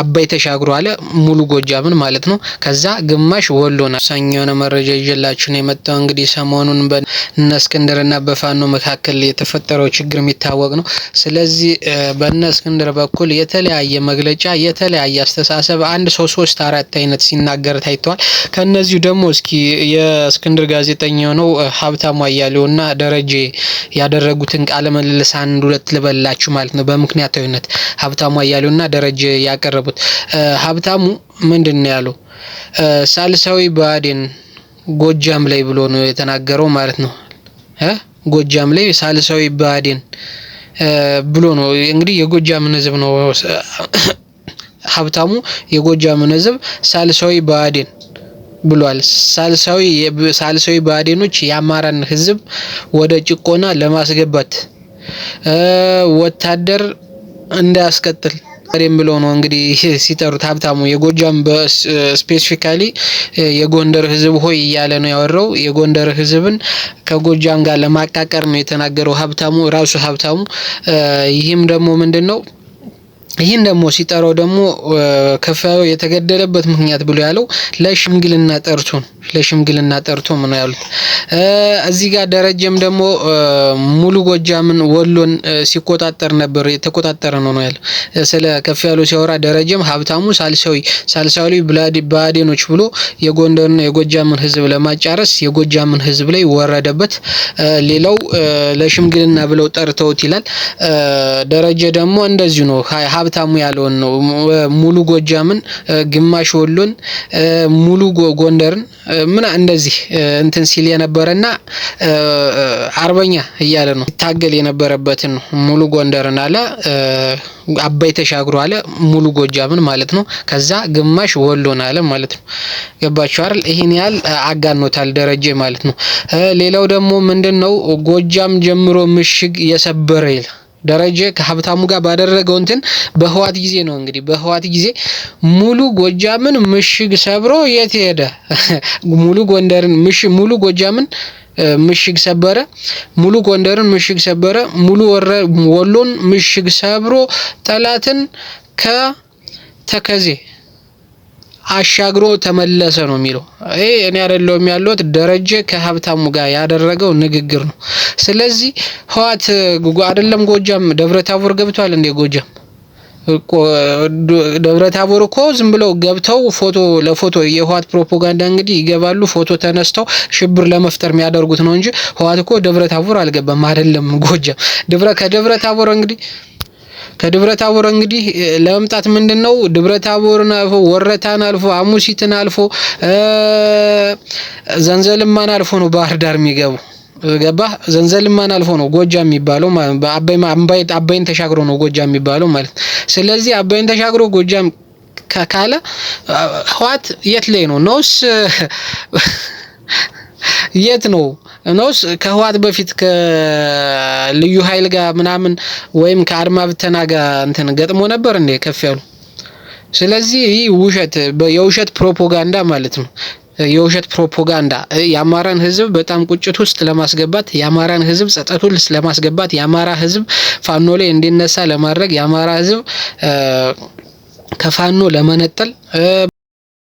አባይ ተሻግሮ አለ ሙሉ ጎጃምን ማለት ነው። ከዛ ግማሽ ወሎ ነው። ሰኞ የሆነ መረጃ ይዤላችሁ ነው የመጣው። እንግዲህ ሰሞኑን በእነ እስክንድርና በፋኖ መካከል የተፈጠረው ችግር የሚታወቅ ነው። ስለዚህ በእነ እስክንድር በኩል የተለያየ መግለጫ፣ የተለያየ አስተሳሰብ አንድ ሰው ሶስት አራት አይነት ሲናገር ታይተዋል። ከእነዚሁ ደግሞ እስኪ የእስክንድር ጋዜጠኛ የሆነው ሀብታሙ አያሌውና ደረጀ ያደረጉትን ቃለ ምልልስ አንድ ሁለት ልበላችሁ ማለት ነው በምክንያታዊነት ሀብታሙ አያሌው ያሉና ደረጀ ያቀረቡት። ሀብታሙ ምንድን ያሉ ያለው? ሳልሳዊ ብአዴን ጎጃም ላይ ብሎ ነው የተናገረው ማለት ነው። ጎጃም ላይ ሳልሳዊ ብአዴን ብሎ ነው እንግዲህ የጎጃምን ህዝብ ነው ሀብታሙ የጎጃምን ህዝብ ሳልሳዊ ብአዴን ብሏል። ሳልሳዊ ብአዴኖች የአማራን ህዝብ ወደ ጭቆና ለማስገባት ወታደር እንዳያስቀጥል ቀደም ብሎ ነው እንግዲህ ሲጠሩት ሀብታሙ የጎጃም ስፔሲፊካሊ የጎንደር ህዝብ ሆይ እያለ ነው ያወራው። የጎንደር ህዝብን ከጎጃም ጋር ለማቃቀር ነው የተናገረው ሀብታሙ ራሱ ሀብታሙ። ይህም ደግሞ ምንድን ነው ይህን ደግሞ ሲጠራው ደግሞ ከፋዩ የተገደለበት ምክንያት ብሎ ያለው ለሽምግልና ጠርቶ ነው። ለሽምግልና ጠርቶ ምን ያሉት እዚህ ጋር ደረጀም ደግሞ ሙሉ ጎጃምን ወሎን ሲቆጣጠር ነበር የተቆጣጠረ ነው ነው ያለው። ስለ ከፍያሉ ሲያወራ ደረጀም ሀብታሙ ሳልሳዊ ሳልሳዊ ብአዴኖች ብሎ የጎንደርና የጎጃምን ህዝብ ለማጫረስ የጎጃምን ህዝብ ላይ ወረደበት። ሌላው ለሽምግልና ብለው ጠርተውት ይላል። ደረጀ ደግሞ እንደዚሁ ነው ሀብታሙ ያለውን ነው። ሙሉ ጎጃምን፣ ግማሽ ወሎን፣ ሙሉ ጎንደርን ምን እንደዚህ እንትን ሲል የነበረና አርበኛ እያለ ነው ይታገል የነበረበትን ሙሉ ጎንደርን አለ፣ አባይ ተሻግሮ አለ፣ ሙሉ ጎጃምን ማለት ነው። ከዛ ግማሽ ወሎን አለ ማለት ነው። ገባችሁ አይደል? ይህን ያህል አጋኖታል ደረጀ ማለት ነው። ሌላው ደግሞ ምንድን ነው ጎጃም ጀምሮ ምሽግ የሰበረ ይል ደረጀ ከሀብታሙ ጋር ባደረገው እንትን በህዋት ጊዜ ነው እንግዲህ በህዋት ጊዜ ሙሉ ጎጃምን ምሽግ ሰብሮ የት ሄደ? ሙሉ ጎንደርን ሙሉ ጎጃምን ምሽግ ሰበረ። ሙሉ ጎንደርን ምሽግ ሰበረ። ሙሉ ወሎን ምሽግ ሰብሮ ጠላትን ከተከዜ አሻግሮ ተመለሰ ነው የሚለው። ይሄ እኔ አይደለሁም ያለሁት ደረጀ ከሀብታሙ ጋር ያደረገው ንግግር ነው። ስለዚህ ህዋት አይደለም ጎጃም ደብረ ታቦር ገብቷል እንዴ? ጎጃም ደብረ ታቦር እኮ ዝም ብለው ገብተው ፎቶ ለፎቶ የህዋት ፕሮፓጋንዳ እንግዲህ ይገባሉ፣ ፎቶ ተነስተው ሽብር ለመፍጠር የሚያደርጉት ነው እንጂ ህዋት እኮ ደብረ ታቦር አልገባም። አይደለም ጎጃም ደብረ ከደብረ ታቦር እንግዲህ ከደብረ ታቦር እንግዲህ ለመምጣት ምንድን ነው ደብረ ታቦርን አልፎ ወረታን አልፎ አሙሲትን አልፎ ዘንዘልማን አልፎ ነው ባህር ዳር የሚገቡ ገባ ዘንዘልማን አልፎ ነው ጎጃም የሚባለው አባይን ተሻግሮ ነው ጎጃም የሚባለው ማለት ስለዚህ አባይን ተሻግሮ ጎጃም ካለ ህዋት የት ላይ ነው ነውስ የት ነው ነውስ ከህዋት በፊት ከልዩ ኃይል ጋር ምናምን ወይም ከአድማ ብተና ጋር እንትን ገጥሞ ነበር እንዴ ከፍ ያሉ። ስለዚህ ይህ ውሸት የውሸት ፕሮፓጋንዳ ማለት ነው። የውሸት ፕሮፓጋንዳ የአማራን ህዝብ በጣም ቁጭት ውስጥ ለማስገባት የአማራን ህዝብ ጸጠት ውስጥ ለማስገባት የአማራ ህዝብ ፋኖ ላይ እንዲነሳ ለማድረግ የአማራ ህዝብ ከፋኖ ለመነጠል